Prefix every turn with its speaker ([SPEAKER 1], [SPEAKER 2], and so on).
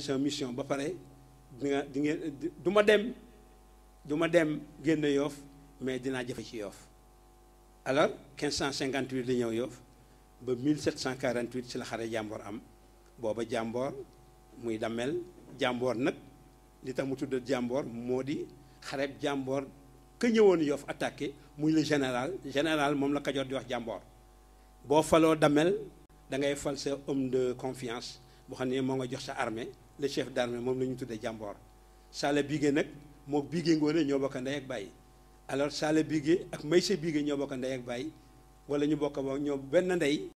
[SPEAKER 1] sa mission ba pare di nga di dem du dem génn yoof mais dina jafe ci yoof alors 1558 la ñew yoof ba 1748 ci la xaré jambor am booba jambor muy damel jambor nak li tax mu tudd jàmboor moo di xareb jàmboor ka ñëwoon attaqué muy le général général mom la kajoor di wax jambor bo falo damel da ngay fal sa homme de confiance boo xam ne moo nga jox sa armée le chef d'armée moom la ñu tuddee jàmboor Sala Bigué nag moo Bigué Ngoné ñoo bokk ndey ak bàyyi alors Sala Bigué ak Maysa Bigué ñoo bokk ndey ak bàyyi wala ñu bokk ba ñoo benn
[SPEAKER 2] ndey